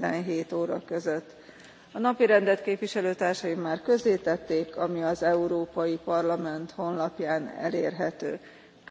seventeen óra között. a napirendet képviselőtársaim már közzétették ami az európai parlament honlapján elérhető.